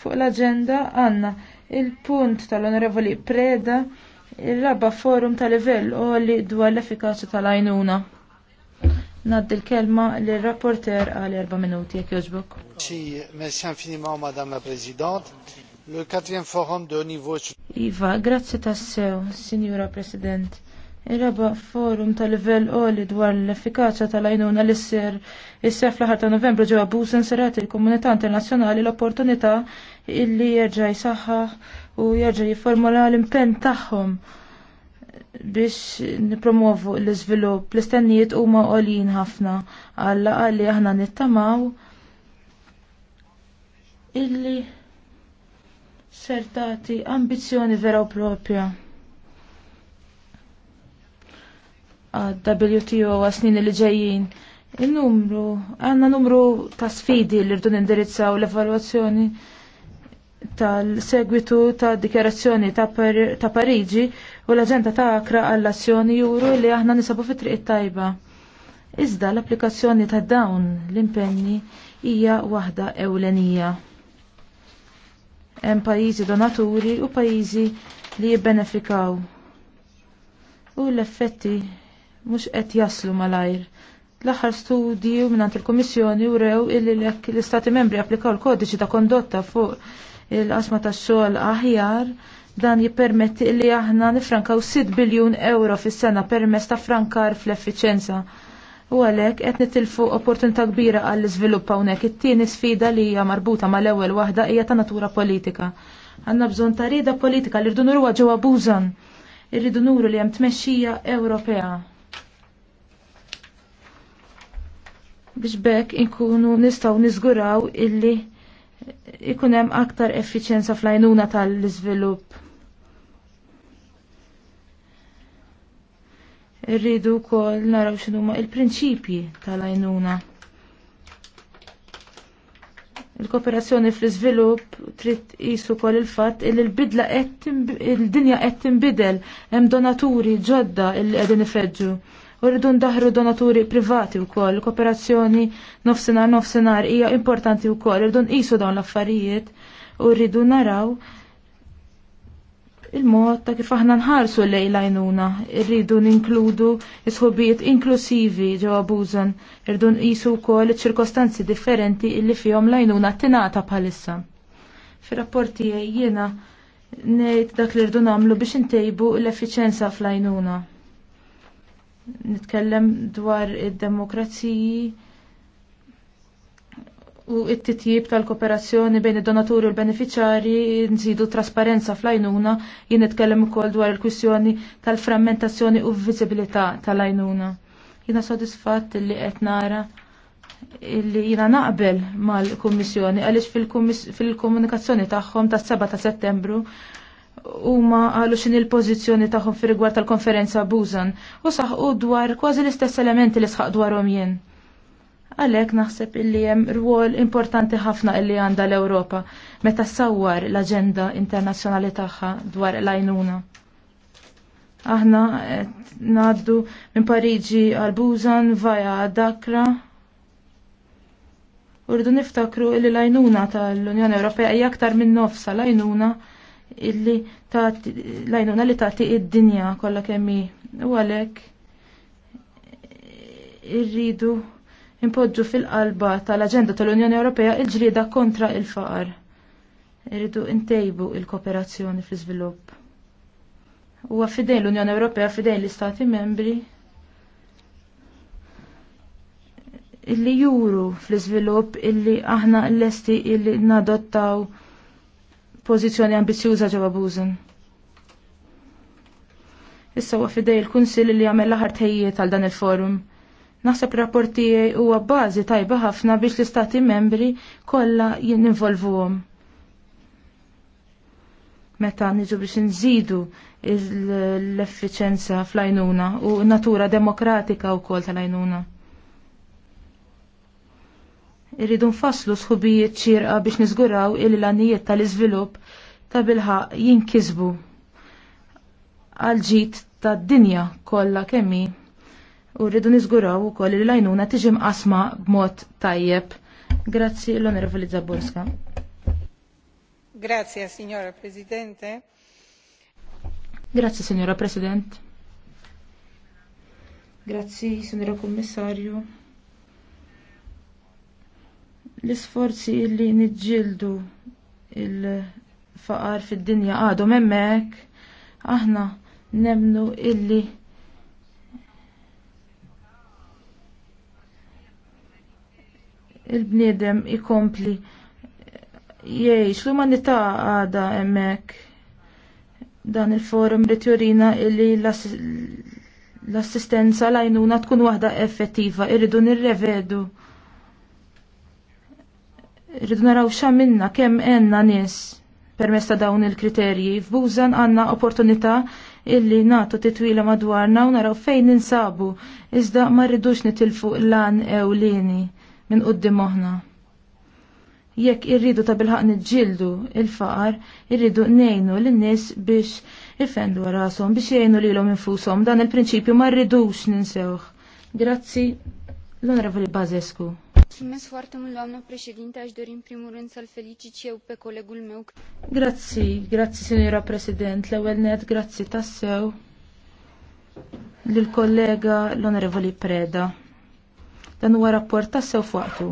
Fuq l-agenda għanna il-punt tal-Onorevoli Preda il-raba forum tal-livell u li dwar l-effikaċa tal-għajnuna. Naddi l-kelma l-rapporter għal erba' minuti jekk jogħġbok. Merci infiniment, Madame la Le quatrième forum de niveau... Iva, grazzi tassew, Signora President Ir-raba forum tal livell qoli dwar l-effikaċja tal-għajnuna l isser is-sef fl-ħar ta' Novembru ġewwa Busan serat il-Komunità Internazzjonali l-opportunità illi jerġa' jsaħħa u jerġa' jifformula l-impenn tagħhom biex nipromovu l-iżvilupp l-istennijiet huma għolin ħafna għalla li aħna nittamaw illi sertati ambizzjoni vera u propja WTO għasnin li ġejjin. Il-numru, għanna numru ta' sfidi li rdu nindirizzaw l-evaluazzjoni tal-segwitu ta' dikjarazzjoni ta', par ta u l-aġenda ta' akra għall-azzjoni juru li aħna nisabu fit triq tajba. Iżda l-applikazzjoni ta' dawn l-impenni hija waħda ewlenija. Hemm pajjiżi donaturi u pajjiżi li jibbenefikaw. U l-effetti mhux qed jaslu malajr. L-aħħar studju minnant il-Kummissjoni wrew illi l l-Istati membri applikaw l-kodiċi ta' kondotta fuq il-qasma tax-xogħol aħjar dan jippermetti li aħna nifrankaw 6 biljun euro fis-sena permess ta' frankar fl-effiċenza. U għalhekk qed nitilfu opportunità kbira għall iżvilupp hawnhekk. It-tieni sfida li hija marbuta mal-ewwel waħda hija ta' natura politika. Għandna bżonn ta' rieda politika li rridu nurwa ġewwa Bużan. Irridu nuru li hemm tmexxija Ewropea. biex bekk inkunu nistaw nizguraw illi ikunem aktar effiċenza fl ajnuna tal-izvilup. Irridu kol naraw xinuma il-prinċipji tal ajnuna Il-kooperazzjoni fl-izvilup trid isu kol il-fatt il l-bidla il-dinja qed tinbidel hemm donaturi ġodda il qegħdin ifeġġu u rridu ndaħru donaturi privati wkoll, kooperazzjoni nofsinhar nofsinhar hija importanti wkoll, rridu nqisu dawn l-affarijiet u rridu naraw il-mod ta' kif aħna nħarsu lej rridu irridu ninkludu isħobijiet inklusivi ġewwa Buzan, rridu nqisu wkoll iċ-ċirkostanzi differenti illi fihom lajnuna tingħata bħalissa. fir rapporti tiegħi jiena ngħid dak li rridu nagħmlu biex intejbu l effiċjenza fl-lajnuna nitkellem dwar id-demokraziji u it-titjib tal-kooperazzjoni bejn id-donaturi u l-beneficjari nżidu trasparenza fl-għajnuna jien nitkellem ukoll dwar il-kwistjoni tal-frammentazzjoni u viżibilità tal-għajnuna. Jiena sodisfatt li qed nara illi jiena naqbel mal-Kummissjoni għaliex fil-komunikazzjoni tagħhom tas-7 ta' Settembru huma għalu x'in il-pożizzjoni tagħhom fi rigward tal-konferenza Busan u saħqu dwar kważi l-istess elementi li sħaq dwarhom jien. Għalhekk naħseb illi hemm rwol importanti ħafna illi għandha l-Ewropa meta ssawwar l-aġenda internazzjonali tagħha dwar l-għajnuna. Aħna qed ngħaddu minn Pariġi għal Busan vaja Dakra Urdu niftakru li l-għajnuna tal-Unjoni Ewropea hija aktar minn nofsa l-għajnuna illi lajnuna li tagħti id-dinja kollha kemm hi. U għalhekk irridu impoġġu fil-qalba tal-aġenda tal-Unjoni Ewropea il-ġrieda kontra il-faqar. Irridu ntejbu il-kooperazzjoni fl-iżvilupp. Huwa fidejn l-Unjoni Ewropea fidejn l-Istati membri illi juru fl-iżvilupp illi aħna l-esti illi nadottaw pożizzjoni ambizjuża ġewwa Bużen. Issa huwa fidej il-Kunsill li jagħmel l-aħħar tejjiet għal dan il-forum. Naħseb rapporti huwa bażi tajba ħafna biex l-istati membri kollha jinvolvuhom. Meta niġu biex nżidu l-effiċenza fl-għajnuna u n-natura demokratika wkoll tal-għajnuna. Irridu nfasslu sħubijiet ċirqa biex niżguraw il-lanijiet tal-iżvilupp ta' bilħaq jinkisbu għal ġid tad dinja kollha kemmi u rridu niżguraw ukoll li l-għajnuna tiġi mqasma b'mod tajjeb. Grazzi l-Onorevoli Zaborska. Grazie, signora Presidente. Grazie, signora President. Grazzi, signora Kommissarju. L-isforzi li niġġieldu il-faqar fid-dinja għadhom hemmhekk aħna nemnu illi il-bniedem ikompli jiex l-umanità għada hemmhekk dan il-forum jorina illi l-assistenza l-għajnuna tkun waħda effettiva, irridu nirrevedu Rridu naraw xa minna kemm għenna nies permesta ta' dawn il-kriterji. F'Bużan għandna opportunità illi natu titwila madwarna u naraw fejn ninsabu iżda ma rridux nitilfu lan ewlieni minn qoddim moħna. Jekk irridu ta' bilħaq nġildu il-faqar, irridu nejnu l-nis biex ifendu rasom, biex jgħinu li l-om infusom, dan il-prinċipju ma rridux ninsewħ. Grazzi l-Onorevoli Bazescu. Grazzi, grazzi, signora President. L-ewel net, grazzi tassew lill-kollega l-Onorevoli Preda. Dan huwa rapport tassew fuqtu.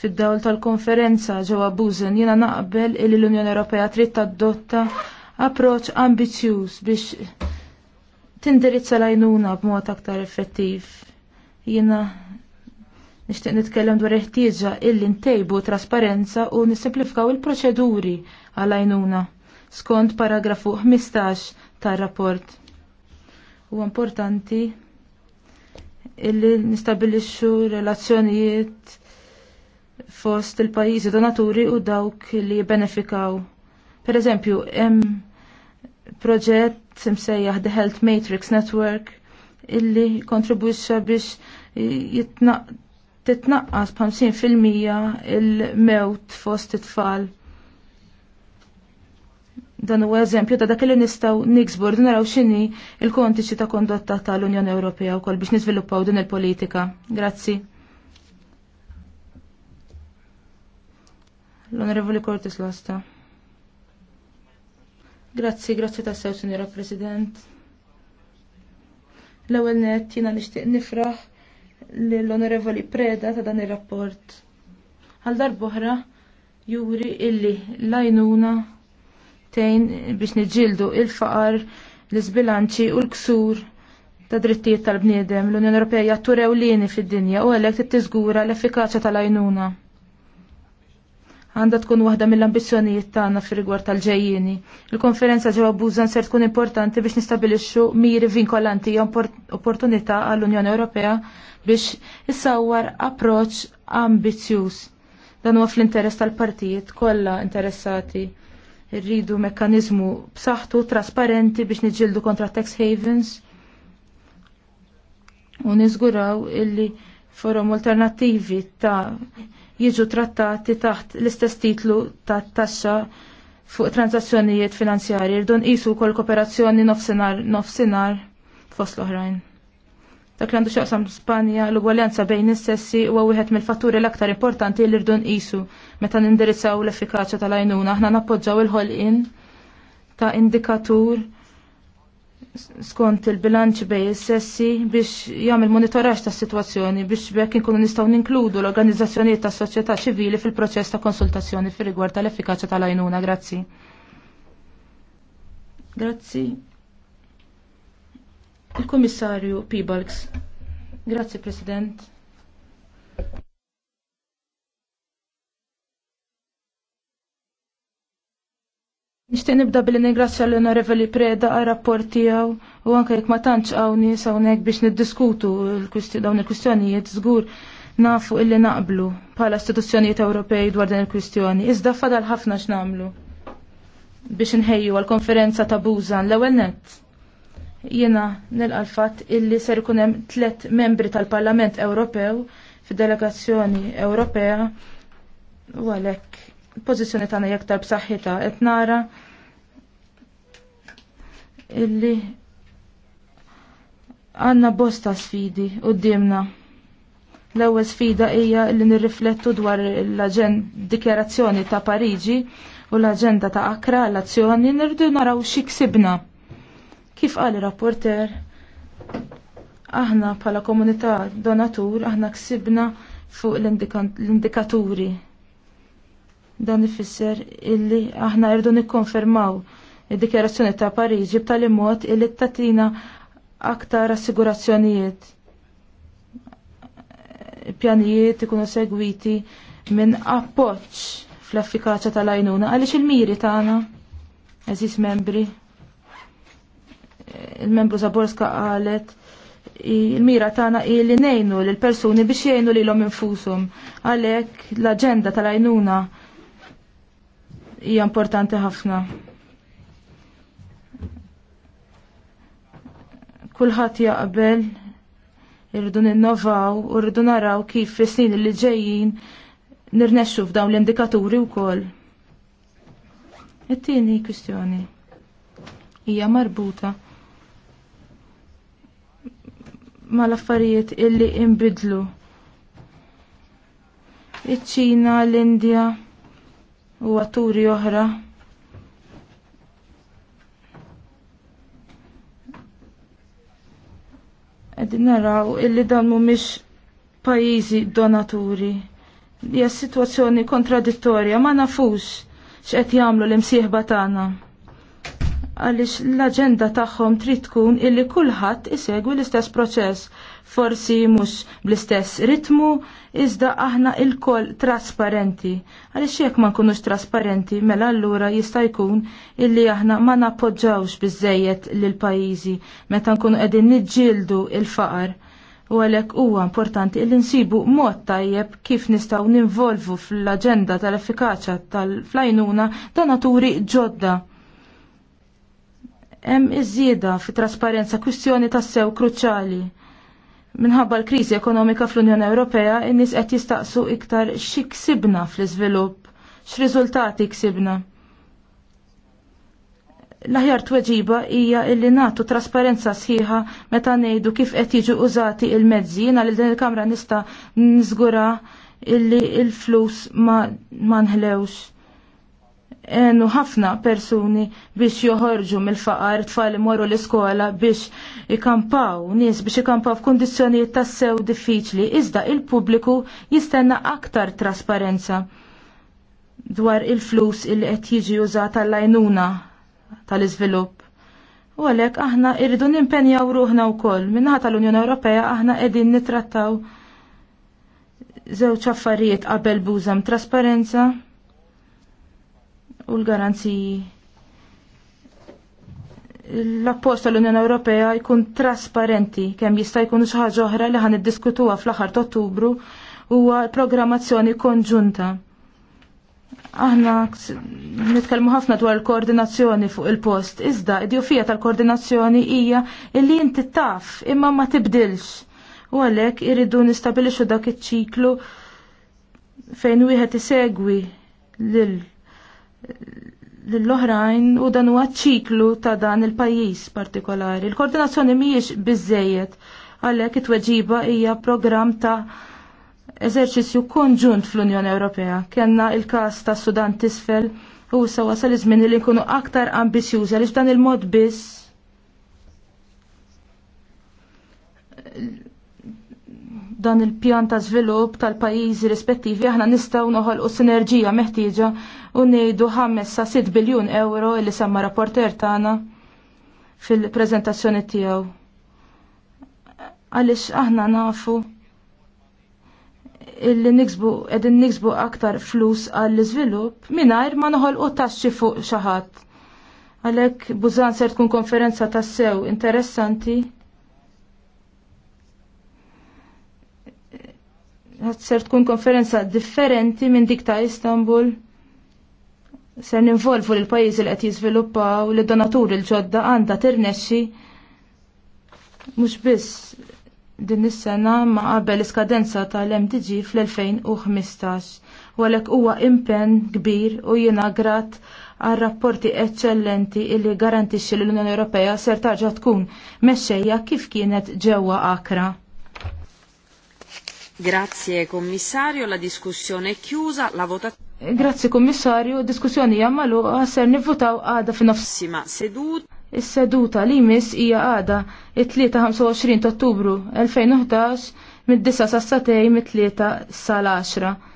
Fid-dawl tal-konferenza ġewwa Buzen jiena naqbel li l-Unjoni Ewropea trid tadotta approċċ ambizzjuż biex tindirizza l-għajnuna b'mod aktar effettiv Jiena nixtieq nitkellem dwar ħtieġa illi ntejbu trasparenza u nisimplifikaw il-proċeduri għal għajnuna skont paragrafu 15 tar-rapport. Huwa importanti illi nistabilixxu relazzjonijiet fost il-pajjiżi donaturi u dawk li jibbenefikaw. Per eżempju, hemm proġett msejjaħ The Health Matrix Network illi kontribwisċa biex titnaqqas b'50% il-mewt fost it-tfal. Dan huwa eżempju ta' dak li nistgħu niksbur naraw x'inhi il-kontiċi ta' kondotta tal-Unjoni Ewropea wkoll biex niżviluppaw din il-politika. Grazzi. L-Onorevoli Cortis Lasta. Grazzi, grazzi ta' sew, Sinjora President. L-ewwel nett jiena nixtieq nifraħ lill-Onorevoli Preda ta' dan ir-rapport. Għal darb'oħra juri illi lajnuna tejn biex niġġieldu il-faqar, l-isbilanċi u l-ksur ta' drittijiet tal-bniedem. L-Unjoni Ewropea turew lini fid-dinja u għalhekk tittiżgura l-effikaċja tal-għajnuna għandha tkun waħda mill-ambizzjonijiet tagħna fir-rigward tal-ġejjieni. Il-konferenza ġewwa Bużan ser tkun importanti biex nistabilixxu miri vinkolanti jew opportunità għall-Unjoni Ewropea biex issawwar approċċ ambizzjuż. Dan huwa fl-interess tal-partijiet kollha interessati. Irridu mekkaniżmu b'saħħtu trasparenti biex niġġieldu kontra tax havens u niżguraw illi forum alternattivi ta' jiġu trattati taħt l-istess titlu ta' taxxa fuq transazzjonijiet finanzjarji rdun nqisu wkoll kooperazzjoni nofsinhar nofsinhar fost l-oħrajn. Dak li għandu xaqsam Spanja l-ugwaljanza bejn is-sessi huwa wieħed mill-fatturi l-aktar importanti li rdu nqisu meta nindirizzaw l-effikaċja tal-għajnuna. Aħna nappoġġaw il-ħolqien ta' indikatur skont il-bilanċ bej sessi biex jagħmel monitoraġġ tas-sitwazzjoni biex bekk inkunu nistgħu ninkludu l-organizzazzjonijiet tas-soċjetà ċivili fil-proċess ta' konsultazzjoni fir-rigward tal-effikaċja tal-għajnuna. Grazzi. Grazzi. Il-Kummissarju Pibalks. Grazzi President. Nixtieq nibda billi ningrazzja l-Onorevoli Preda għal rapport tiegħu u anke jekk ma tantx hawnni hawnhekk biex niddiskutu dawn il-kwistjonijiet żgur nafu illi naqblu bħala istituzzjonijiet Ewropej dwar din il-kwistjoni. Iżda fadal ħafna x'namlu biex nħejju għal-konferenza ta' Buzan l-ewwel nett. Jiena nilqa' fatt illi ser ikun hemm tliet membri tal-Parlament Ewropew fid-delegazzjoni Ewropea u għalhekk il-pożizzjoni tagħna jektar b'saħħitha qed nara illi għanna bosta sfidi u d-dimna. L-ewwel sfida hija li nirriflettu dwar l dikjerazzjoni ta' Pariġi u l-aġenda ta' Akra l-azzjoni nirdu naraw xi ksibna. Kif qal rapporter aħna bħala komunità donatur aħna ksibna fuq l-indikaturi. Dan ifisser illi aħna irdu nikkonfermaw id-dikjerazzjoni ta' Pariġi b'tali mod illi tatina aktar assigurazzjonijiet. Pjanijiet ikunu segwiti minn appoġġ fl-effikaċja tal-għajnuna għaliex il-miri tagħna eżis membri. Il-membru Zaborska qalet il-mira tagħna hi li ngħinu lil persuni biex jgħinu lilhom infushom. Għalhekk l-aġenda tal-għajnuna hija importanti ħafna. Kulħadd jaqbel irridu ninnovaw u rridu naraw kif fis-snin li ġejjin nirnexxu f'dawn l-indikaturi wkoll. It-tieni kwistjoni hija marbuta mal-affarijiet illi imbidlu. Iċ-Ċina, l-Indja u atturi oħra Għedin naraw illi dan mumiex pajizi donaturi. Hija situazzjoni kontradittorja, ma nafux x'qed jagħmlu l-imsieħba tagħna għaliex l-aġenda tagħhom trid tkun illi kulħadd isegwi l-istess proċess, forsi mhux bl-istess ritmu, iżda aħna il-koll trasparenti. Għaliex jekk ma nkunux trasparenti, mela allura jista' jkun illi aħna ma nappoġġawx biżejjed lil pajjiżi meta nkunu qegħdin niġġieldu il-faqar. U għalhekk huwa importanti illi nsibu mod tajjeb kif nistgħu ninvolvu fl-aġenda tal-effikaċja tal-flajnuna naturi ġodda Hemm iż-żieda fi trasparenza kwistjoni tassew kruċjali. Minħabba l-kriżi ekonomika fl-Unjoni Ewropea, in-nies qed jistaqsu iktar xi ksibna fl-iżvilupp, x'riżultati ksibna. L-aħjar tweġiba hija illi nagħtu trasparenza sħiħa meta ngħidu kif qed jiġu użati il-mezzi, jiena li din il-Kamra nista' niżgura illi il-flus ma, ma nħlewx enu ħafna persuni biex joħorġu mill-faqar tfal imorru l-iskola biex ikampaw, nies biex ikampaw f'kundizzjonijiet tassew diffiċli, iżda il-pubbliku jistenna aktar trasparenza dwar il-flus il qed jiġi użat tal-lajnuna tal-iżvilupp. U għalhekk aħna irridu nimpenjaw ruħna wkoll minnaħa tal-Unjoni Ewropea aħna qegħdin nitrattaw żewġ affarijiet qabel bużam trasparenza u l-garanziji. L-apposta l-Unjoni Ewropea jkun trasparenti kemm jista' jkun xi ħaġa oħra li ħan iddiskutuha fl-aħħar ta' Ottubru huwa programmazzjoni konġunta. Aħna nitkellmu ħafna dwar il-koordinazzjoni fuq il-post, iżda id-djufija tal-koordinazzjoni hija illi inti taf imma ma tibdilx. U għalhekk irridu nistabilixu dak iċ-ċiklu fejn wieħed isegwi lil l-oħrajn u dan huwa ċiklu ta' dan il-pajjiż partikolari. Il-koordinazzjoni mhijiex biżejjed għalhekk it-tweġiba hija programm ta' eżerċizzju konġunt fl-Unjoni Ewropea. Kenna il-każ ta' Sudan tisfel u sa wasal iż-żmien li nkunu aktar ambizjużi għaliex dan il-mod biss dan il-pjan ta' żvilupp tal-pajjiżi rispettivi aħna nistgħu noħolqu sinerġija meħtieġa u ngħidu ħames sa 6 biljun euro li semma rapporter tagħna fil-preżentazzjoni tiegħu. Għaliex aħna nafu illi niksbu qegħdin niksbu aktar flus għall-iżvilupp mingħajr ma noħolqu taxxi fuq xi ħadd. Għalhekk Bużan ser tkun konferenza tas-sew interessanti ser tkun konferenza differenti minn dik ta' Istanbul. Ser ninvolvu l pajjiżi li qed jiżviluppaw li donaturi l-ġodda għandha tirnexxi mhux biss din is-sena ma qabel iskadenza tal-MDG fl-2015 u għalhekk huwa impenn kbir u jiena grat għal rapporti eccellenti illi garantixxi l-Unjoni Ewropea ser tarġa' tkun mexxejja kif kienet ġewwa Akra. Grazie Commissario, la discussione è chiusa, la votazione... Grazie Kommissarju, diskussjoni jammalu għasser nivvutaw għada f'nofsima seduta. Is-seduta li jmiss hija għada it-3-25 ta' Ottubru 2011 mid-9 sa' satej mid-3 sal-10.